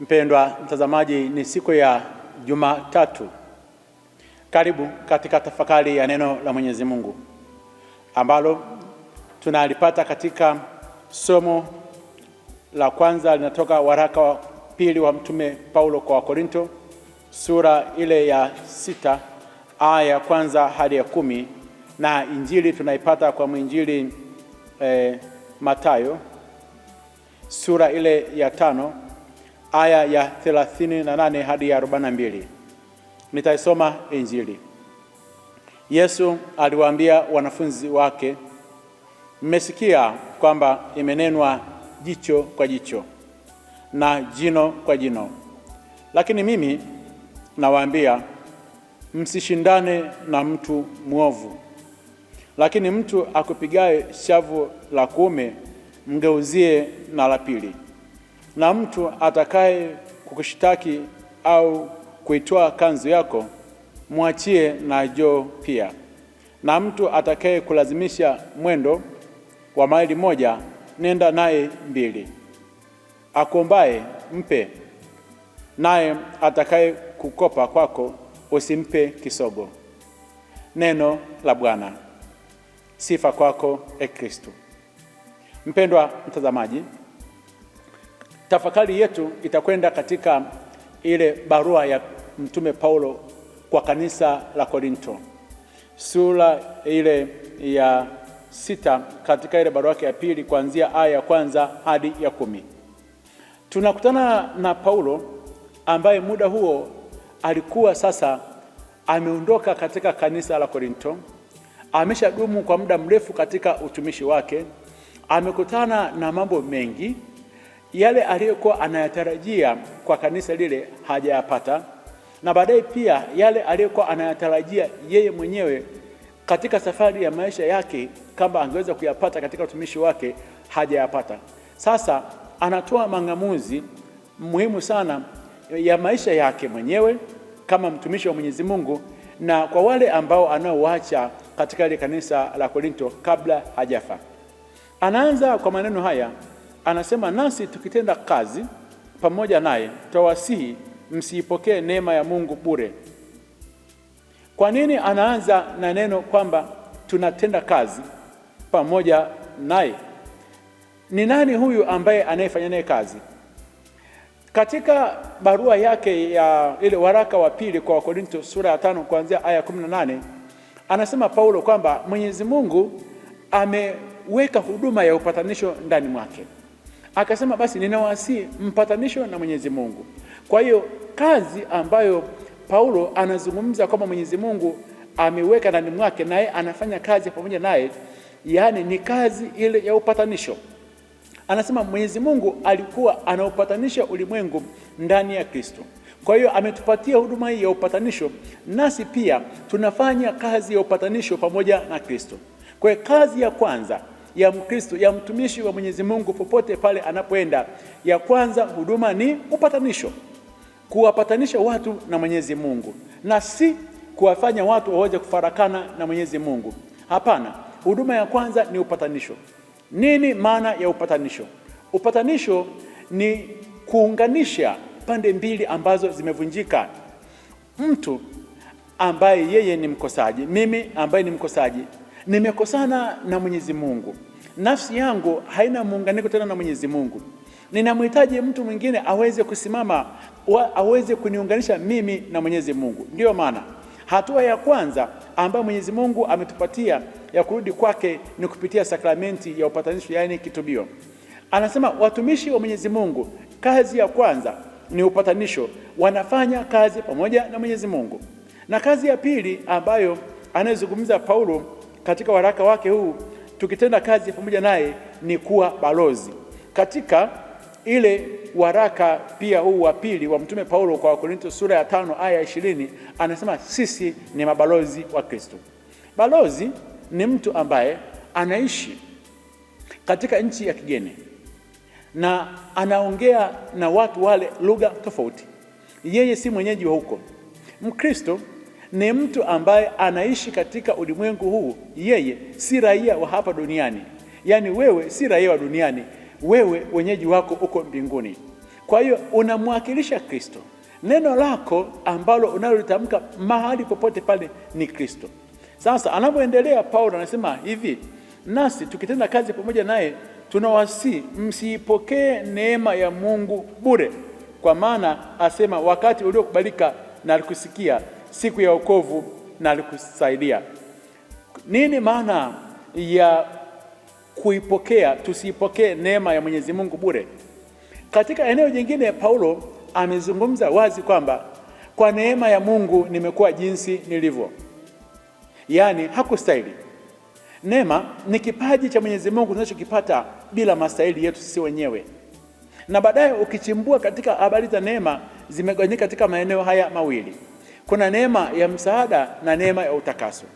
Mpendwa mtazamaji, ni siku ya Jumatatu. Karibu katika tafakari ya neno la Mwenyezi Mungu ambalo tunalipata katika somo la kwanza, linatoka waraka wa pili wa Mtume Paulo kwa Wakorinto sura ile ya sita aya ya kwanza hadi ya kumi na injili tunaipata kwa mwinjili eh, Matayo sura ile ya tano aya ya 38 hadi ya 42. Nitaisoma Injili. Yesu aliwaambia wanafunzi wake, mmesikia kwamba imenenwa jicho kwa jicho na jino kwa jino, lakini mimi nawaambia msishindane na mtu mwovu. Lakini mtu akupigaye shavu la kuume mgeuzie na la pili na mtu atakaye kukushtaki au kuitoa kanzu yako mwachie na jo pia, na mtu atakaye kulazimisha mwendo wa maili moja nenda naye mbili. Akombaye mpe, naye atakaye kukopa kwako usimpe kisogo. Neno la Bwana. Sifa kwako, e Kristo. Mpendwa mtazamaji Tafakari yetu itakwenda katika ile barua ya Mtume Paulo kwa kanisa la Korinto, sura ile ya sita, katika ile barua yake ya pili kuanzia aya ya kwanza hadi ya kumi. Tunakutana na Paulo ambaye muda huo alikuwa sasa ameondoka katika kanisa la Korinto, ameshadumu kwa muda mrefu katika utumishi wake, amekutana na mambo mengi yale aliyokuwa anayatarajia kwa kanisa lile hajayapata, na baadaye pia yale aliyokuwa anayatarajia yeye mwenyewe katika safari ya maisha yake kama angeweza kuyapata katika utumishi wake hajayapata. Sasa anatoa mang'amuzi muhimu sana ya maisha yake mwenyewe kama mtumishi wa Mwenyezi Mungu na kwa wale ambao anaoacha katika ile kanisa la Korinto kabla hajafa. Anaanza kwa maneno haya anasema nasi tukitenda kazi pamoja naye twawasihi msiipokee neema ya Mungu bure. Kwa nini anaanza na neno kwamba tunatenda kazi pamoja naye? Ni nani huyu ambaye anayefanya naye kazi? Katika barua yake ya ile waraka wa pili kwa Wakorinto sura ya tano kuanzia aya 18 anasema Paulo kwamba Mwenyezi Mungu ameweka huduma ya upatanisho ndani mwake. Akasema basi ninawasii mpatanisho na Mwenyezi Mungu. Kwa hiyo kazi ambayo Paulo anazungumza kwamba Mwenyezi Mungu ameweka ndani mwake naye anafanya kazi pamoja naye, yaani ni kazi ile ya upatanisho. Anasema Mwenyezi Mungu alikuwa anaupatanisha ulimwengu ndani ya Kristo. Kwa hiyo ametupatia huduma hii ya upatanisho, nasi pia tunafanya kazi ya upatanisho pamoja na Kristo. Kwa hiyo kazi ya kwanza ya Mkristo, ya mtumishi wa Mwenyezi Mungu popote pale anapoenda. Ya kwanza huduma ni upatanisho, kuwapatanisha watu na Mwenyezi Mungu na si kuwafanya watu waweze kufarakana na Mwenyezi Mungu. Hapana, huduma ya kwanza ni upatanisho. Nini maana ya upatanisho? Upatanisho ni kuunganisha pande mbili ambazo zimevunjika. Mtu ambaye yeye ni mkosaji, mimi ambaye ni mkosaji nimekosana na Mwenyezi Mungu, nafsi yangu haina muunganiko tena na Mwenyezi Mungu, ninamhitaji mtu mwingine aweze kusimama wa, aweze kuniunganisha mimi na Mwenyezi Mungu. Ndiyo maana hatua ya kwanza ambayo Mwenyezi Mungu ametupatia ya kurudi kwake ni kupitia sakramenti ya upatanisho, yaani kitubio. Anasema watumishi wa Mwenyezi Mungu, kazi ya kwanza ni upatanisho, wanafanya kazi pamoja na Mwenyezi Mungu. Na kazi ya pili ambayo anayezungumza Paulo katika waraka wake huu, tukitenda kazi pamoja naye ni kuwa balozi. Katika ile waraka pia huu wa pili wa Mtume Paulo kwa Wakorintho sura ya tano aya ishirini anasema sisi ni mabalozi wa Kristo. Balozi ni mtu ambaye anaishi katika nchi ya kigeni na anaongea na watu wale lugha tofauti, yeye si mwenyeji wa huko. Mkristo ni mtu ambaye anaishi katika ulimwengu huu, yeye si raia wa hapa duniani. Yaani wewe si raia wa duniani, wewe wenyeji wako uko mbinguni. Kwa hiyo unamwakilisha Kristo. Neno lako ambalo unalolitamka mahali popote pale ni Kristo. Sasa anapoendelea Paulo anasema hivi, nasi tukitenda kazi pamoja naye tunawasi msiipokee neema ya Mungu bure, kwa maana asema, wakati uliokubalika na alikusikia siku ya wokovu na alikusaidia. Nini maana ya kuipokea? Tusiipokee neema ya Mwenyezi Mungu bure. Katika eneo jingine, Paulo amezungumza wazi kwamba kwa neema ya Mungu nimekuwa jinsi nilivyo, yaani hakustahili. Neema ni kipaji cha Mwenyezi Mungu tunachokipata bila mastahili yetu sisi wenyewe. Na baadaye ukichimbua katika habari za neema, zimegawanyika katika maeneo haya mawili. Kuna neema ya msaada na neema ya utakaso.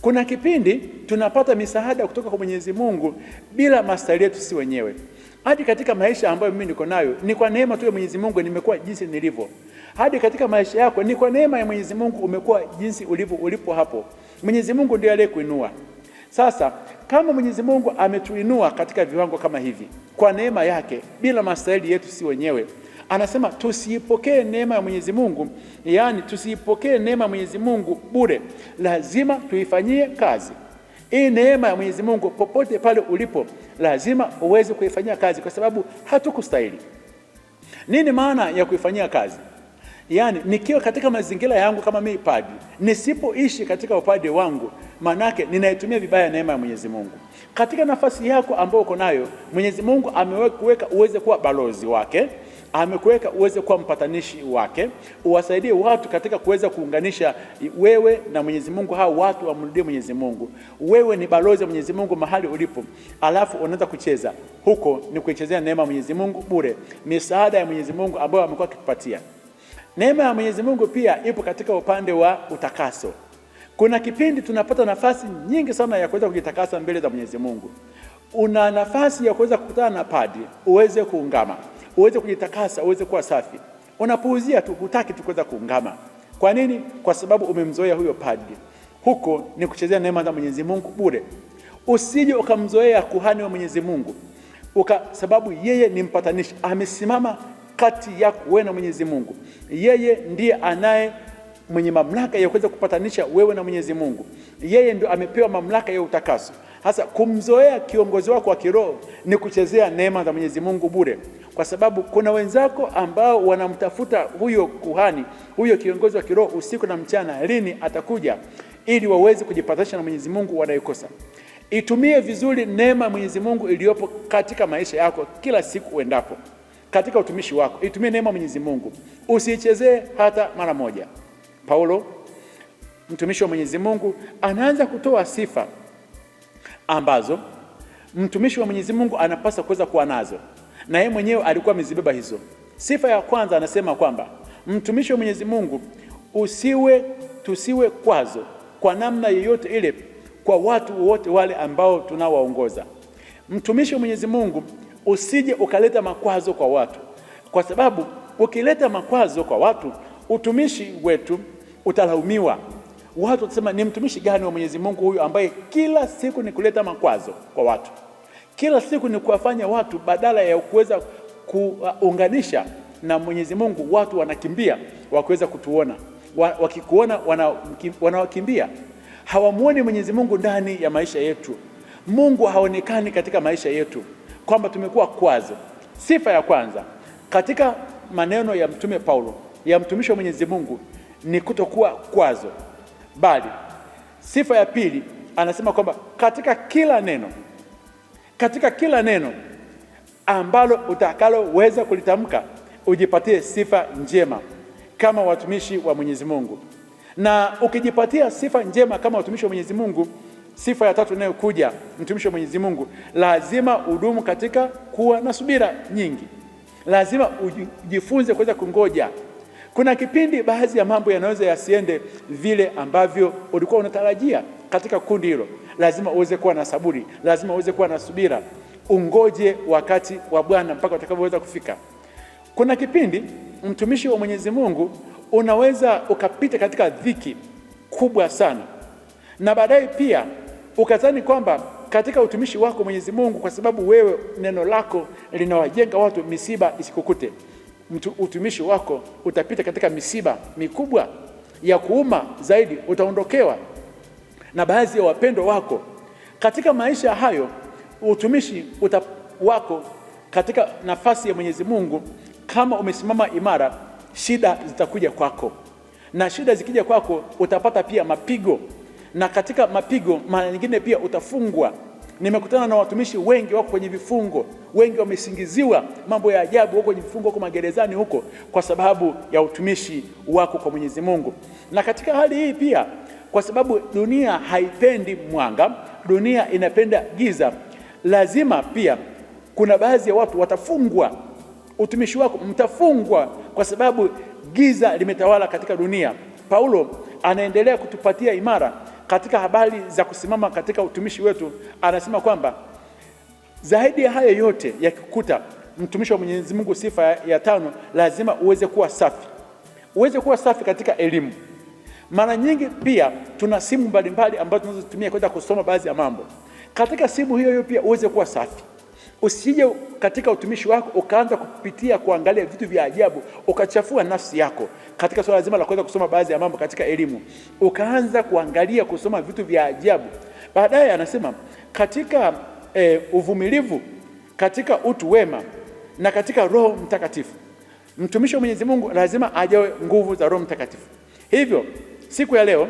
Kuna kipindi tunapata misaada kutoka kwa Mwenyezi Mungu bila mastari yetu sisi wenyewe. Hadi katika maisha ambayo mimi niko nayo ni kwa neema tu ya Mwenyezi Mungu nimekuwa jinsi nilivyo. Hadi katika maisha yako ni kwa neema ya Mwenyezi Mungu umekuwa jinsi ulivyo ulipo hapo. Mwenyezi Mungu ndiye aliyekuinua. Sasa kama Mwenyezi Mungu ametuinua katika viwango kama hivi kwa neema yake bila mastahili yetu si wenyewe anasema tusiipokee neema ya Mwenyezi Mungu, yaani tusiipokee neema ya Mwenyezi Mungu bure, lazima tuifanyie kazi. Hii neema ya Mwenyezi Mungu popote pale ulipo, lazima uweze kuifanyia kazi, kwa sababu hatukustahili. Nini maana ya kuifanyia kazi? Yaani nikiwa katika mazingira yangu kama mimi padi, nisipoishi katika upadi wangu, manake ninaitumia vibaya neema ya Mwenyezi Mungu. Katika nafasi yako ambayo uko nayo, Mwenyezi Mungu ameweka uweze kuwa balozi wake amekuweka uweze kuwa mpatanishi wake, uwasaidie watu katika kuweza kuunganisha wewe na Mwenyezi Mungu, hao watu wamrudie Mwenyezi Mungu. Wewe ni balozi wa Mwenyezi Mungu mahali ulipo, alafu unaweza kucheza huko, ni kuichezea neema ya Mwenyezi Mungu bure, misaada ya Mwenyezi Mungu ambayo amekuwa akitupatia. Neema ya Mwenyezi Mungu pia ipo katika upande wa utakaso. Kuna kipindi tunapata nafasi nyingi sana ya kuweza kujitakasa mbele za Mwenyezi Mungu. Una nafasi ya kuweza kukutana na padi uweze kuungama uweze kujitakasa, uweze kuwa safi. Unapuuzia tu, hutaki tu kuweza kuungama. Kwa nini? Kwa sababu umemzoea huyo padri. Huko ni kuchezea neema za Mwenyezi Mungu bure. Usije ukamzoea kuhani wa Mwenyezi Mungu uka, sababu yeye ni mpatanishi, amesimama kati yako wewe na Mwenyezi Mungu. Yeye ndiye anaye mwenye mamlaka ya kuweza kupatanisha wewe na Mwenyezi Mungu. Yeye ndio amepewa mamlaka ya utakaso. Hasa kumzoea kiongozi wako wa kiroho ni kuchezea neema za Mwenyezi Mungu bure, kwa sababu kuna wenzako ambao wanamtafuta huyo kuhani, huyo kiongozi wa kiroho usiku na mchana, lini atakuja, ili waweze kujipatasha na Mwenyezi Mungu wanaikosa. Itumie vizuri neema ya Mwenyezi Mungu iliyopo katika maisha yako kila siku uendapo, katika utumishi wako, itumie neema ya Mwenyezi Mungu, usiichezee hata mara moja. Paulo mtumishi wa Mwenyezi Mungu anaanza kutoa sifa ambazo mtumishi wa Mwenyezi Mungu anapaswa kuweza kuwa nazo, na yeye mwenyewe alikuwa amezibeba hizo. Sifa ya kwanza anasema kwamba mtumishi wa Mwenyezi Mungu usiwe tusiwe kwazo kwa namna yoyote ile kwa watu wote wale ambao tunawaongoza. Mtumishi wa Mwenyezi Mungu usije ukaleta makwazo kwa watu, kwa sababu ukileta makwazo kwa watu utumishi wetu utalaumiwa watu watasema ni mtumishi gani wa Mwenyezi Mungu huyu ambaye kila siku ni kuleta makwazo kwa watu, kila siku ni kuwafanya watu, badala ya kuweza kuunganisha na Mwenyezi Mungu, watu wanakimbia wakiweza kutuona, wakikuona wanawakimbia. Hawamwoni Mwenyezi Mungu ndani ya maisha yetu. Mungu haonekani katika maisha yetu, kwamba tumekuwa kwazo. Sifa ya kwanza katika maneno ya Mtume Paulo ya mtumishi wa Mwenyezi Mungu ni kutokuwa kwazo bali sifa ya pili anasema kwamba katika kila neno, katika kila neno ambalo utakaloweza kulitamka ujipatie sifa njema kama watumishi wa Mwenyezi Mungu. Na ukijipatia sifa njema kama watumishi wa Mwenyezi Mungu, sifa ya tatu inayokuja, mtumishi wa Mwenyezi Mungu lazima udumu katika kuwa na subira nyingi, lazima ujifunze kuweza kungoja kuna kipindi baadhi ya mambo yanaweza yasiende vile ambavyo ulikuwa unatarajia katika kundi hilo. Lazima uweze kuwa na saburi, lazima uweze kuwa na subira, ungoje wakati wa Bwana mpaka utakapoweza kufika. Kuna kipindi mtumishi wa Mwenyezi Mungu unaweza ukapita katika dhiki kubwa sana, na baadaye pia ukazani kwamba katika utumishi wako Mwenyezi Mungu, kwa sababu wewe neno lako linawajenga watu, misiba isikukute mtu, utumishi wako utapita katika misiba mikubwa ya kuuma zaidi, utaondokewa na baadhi ya wapendwa wako katika maisha hayo. Utumishi uta, wako katika nafasi ya Mwenyezi Mungu, kama umesimama imara, shida zitakuja kwako, na shida zikija kwako utapata pia mapigo, na katika mapigo mara nyingine pia utafungwa. Nimekutana na watumishi wengi wako kwenye vifungo, wengi wamesingiziwa mambo ya ajabu, wako kwenye vifungo, wako magerezani huko, kwa sababu ya utumishi wako kwa Mwenyezi Mungu. Na katika hali hii pia, kwa sababu dunia haipendi mwanga, dunia inapenda giza, lazima pia kuna baadhi ya watu watafungwa. Utumishi wako mtafungwa kwa sababu giza limetawala katika dunia. Paulo anaendelea kutupatia imara katika habari za kusimama katika utumishi wetu, anasema kwamba zaidi ya haya yote yakikuta mtumishi wa Mwenyezi Mungu, sifa ya tano, lazima uweze kuwa safi, uweze kuwa safi katika elimu. Mara nyingi pia tuna simu mbalimbali ambazo tunazotumia kwenda kusoma baadhi ya mambo. Katika simu hiyo hiyo pia uweze kuwa safi. Usije katika utumishi wako ukaanza kupitia kuangalia vitu vya ajabu ukachafua nafsi yako katika swala zima la kuweza kusoma baadhi ya mambo katika elimu, ukaanza kuangalia kusoma vitu vya ajabu. Baadaye anasema katika e, uvumilivu, katika utu wema na katika Roho Mtakatifu. Mtumishi wa Mwenyezi Mungu lazima ajawe nguvu za Roho Mtakatifu. Hivyo siku ya leo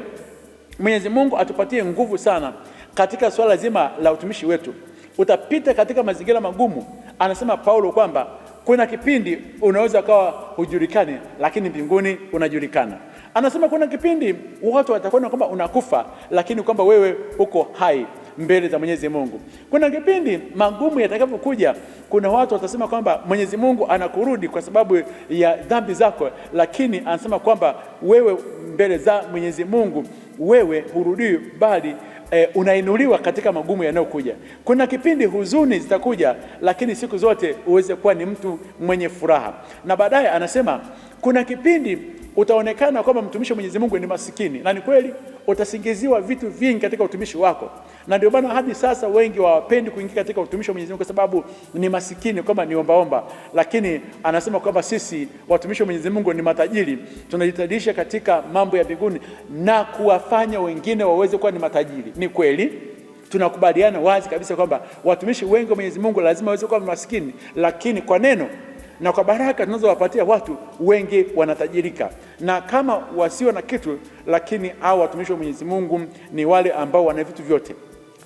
Mwenyezi Mungu atupatie nguvu sana katika swala zima la utumishi wetu utapita katika mazingira magumu. Anasema Paulo kwamba kuna kipindi unaweza ukawa hujulikani, lakini mbinguni unajulikana. Anasema kuna kipindi watu watakuona kwamba unakufa, lakini kwamba wewe uko hai mbele za Mwenyezi Mungu. Kuna kipindi magumu yatakapokuja, kuna watu watasema kwamba Mwenyezi Mungu anakurudi kwa sababu ya dhambi zako, lakini anasema kwamba wewe mbele za Mwenyezi Mungu wewe hurudii bali e, unainuliwa katika magumu yanayokuja. Kuna kipindi huzuni zitakuja, lakini siku zote uweze kuwa ni mtu mwenye furaha. Na baadaye anasema kuna kipindi utaonekana kwamba mtumishi wa Mwenyezi Mungu ni masikini, na ni kweli utasingiziwa vitu vingi katika utumishi wako, na ndio maana hadi sasa wengi wawapendi kuingia katika utumishi wa Mwenyezi Mungu kwa sababu ni masikini, kwamba ni ombaomba. Lakini anasema kwamba sisi watumishi wa Mwenyezi Mungu ni matajiri, tunajitajirisha katika mambo ya mbinguni na kuwafanya wengine waweze kuwa ni matajiri. Ni kweli tunakubaliana wazi kabisa kwamba watumishi wengi wa Mwenyezi Mungu lazima waweze kuwa masikini, lakini kwa neno na kwa baraka tunazowapatia watu wengi wanatajirika, na kama wasio na kitu, lakini au watumishi wa Mwenyezi Mungu ni wale ambao wana vitu vyote.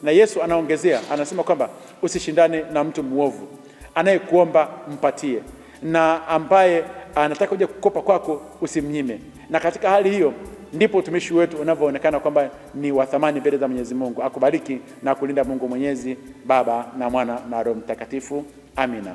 Na Yesu anaongezea anasema kwamba usishindane na mtu mwovu, anayekuomba mpatie, na ambaye anataka kuja kukopa kwako usimnyime. Na katika hali hiyo ndipo utumishi wetu unavyoonekana kwamba ni wa thamani mbele za Mwenyezi Mungu. Akubariki na kulinda Mungu Mwenyezi, Baba na Mwana na Roho Mtakatifu. Amina.